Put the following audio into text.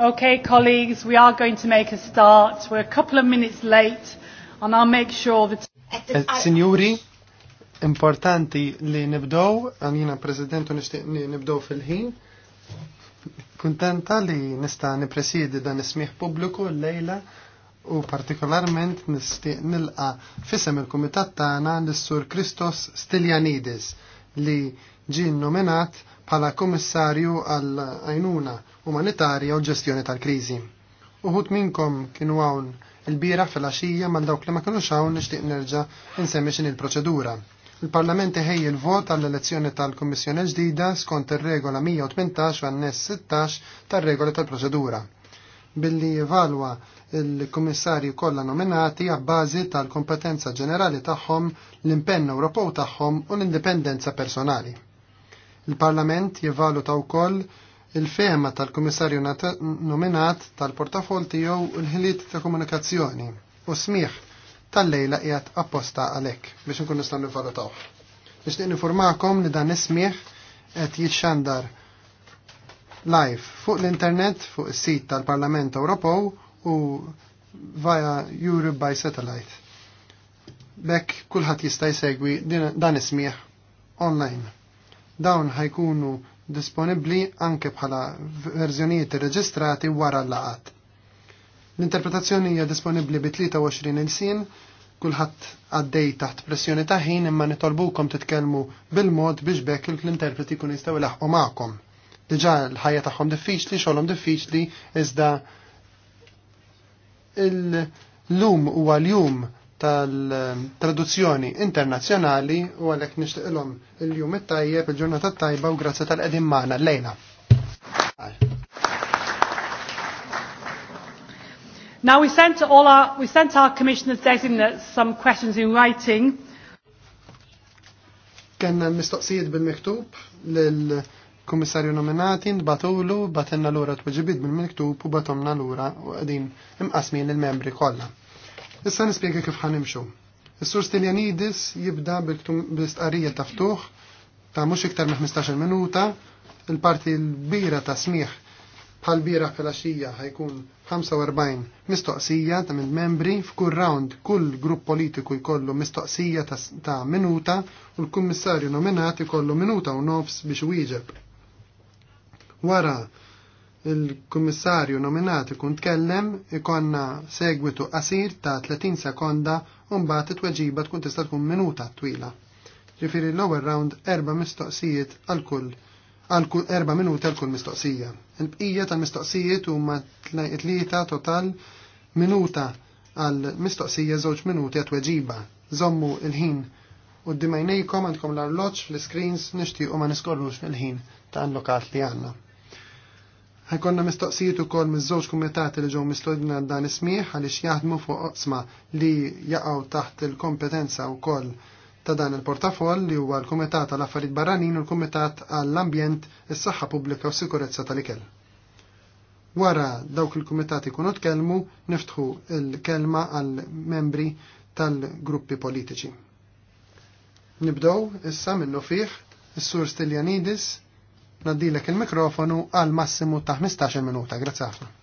Okay, colleagues, we are going to make a start. We're a couple of minutes late, and I'll make sure that... Eh, signori, importanti li nibdow, għanina prezidentu li nibdow fil-ħin. Kuntenta li nista nipresidi dan ismiħ publiku l-lejla u partikolarment nistiq nilqa fissem il-komitat tagħna l-sur Kristos Stiljanidis li ġie nominat bħala Kummissarju għal għajnuna umanitarja u ġestjoni tal-kriżi. Uħut minnkom kienu hawn il-bira fil-għaxija mal dawk li ma kienux hawn nixtieq nerġa' insemmi xin il-proċedura. Il-Parlament ħej il-vot għall-elezzjoni tal-Kummissjoni ġdida skont ir-regola 118 u għannes 16 tar-regola tal-proċedura billi valwa il-kummissarji kollha nominati għabbażi tal-kompetenza ġenerali tagħhom, l-impenn Ewropew tagħhom u l-indipendenza personali. Il-Parlament jivvaluta wkoll il-fema tal-Kummissarju nominat tal-portafol tiegħu l-ħiliet ta' komunikazzjoni u smieħ tal-lejla qiegħed apposta għalhekk biex nkun nistgħu nivvalutaw. Nixtieq nifurmakom li dan is-smieħ qed jixxandar live fuq l-internet fuq is-sit tal-Parlament Ewropew u via Europe by Satellite. Bekk kulħadd jista' jsegwi dan ismieħ online. Dawn ħajkunu disponibbli anke bħala verżjonijiet irreġistrati wara l-laqat. L-interpretazzjoni hija disponibbli bi 23 il-sin, kulħadd għaddej taħt pressjoni ta' ħin imma nitolbukom titkellmu bil-mod biex bekk l-interpreti kun jistgħu jlaħqu magħkom. Diġà l-ħajja tagħhom diffiċli, xogħolhom diffiċli, iżda il-lum huwa l-jum tal-traduzzjoni internazzjonali u għalhekk nixtieqilhom il-jum it-tajjeb il-ġurnata tajba u grazzi tal-qegħdin magħna lejna. Now we sent all our we sent our commissioners designates some questions in writing. Kenna mistoqsijiet bil-miktub lil kummissarju nominati nbatulu batenna lura tweġibit bil-miktub u batomna lura u għedin imqasmin il-membri kollha. Issa nispjega kif ħanimxu. Is-sur Tiljanidis jibda bil-istqarrija ta' ftuħ ta' mhux iktar minn 15 minuta, il-parti l-bira ta' smieħ bħal bira filgħaxija ħajkun 45 mistoqsija ta' minn membri f'kull round kull grupp politiku jkollu mistoqsija ta' minuta u l-kummissarju nominati kollu minuta u nofs biex wieġeb. Wara il-kummissarju nominati kun tkellem ikonna segwitu qasir ta' 30 sekonda u mbagħad it-tweġiba tkun tista' tkun minuta twila. Ġifieri l-ewwel round erba' mistoqsijiet għal kull għal kull erba' minuti għal kull mistoqsija. Il-bqija tal-mistoqsijiet huma tlieta total minuta għal mistoqsija żewġ minuti għat weġiba. Żommu il-ħin u d-dimajnejkom għandkom l arloġġ l-screens, nixtiequ ma niskorrux il-ħin ta' allokat li għanna. Ħajkonna mistoqsijiet ukoll miż-żewġ kumitati li ġew għal dan ismiħ għaliex jaħdmu fuq oqsma li jaqgħu taħt il-kompetenza wkoll ta' dan il-portafoll li huwa l-Kumitat għal affarijiet barranin u l-Kumitat għall-Ambjent, is-Saħħa Pubblika u Sikurezza tal-Ikel. Wara dawk il-kumitati kunu tkellmu, niftħu il-kelma għal membri tal-gruppi politiċi. Nibdow issa minnu fih is-Sur Stiljanidis Naddilek il-mikrofonu għal massimu ta' 15 minuta. Grazie ħafna.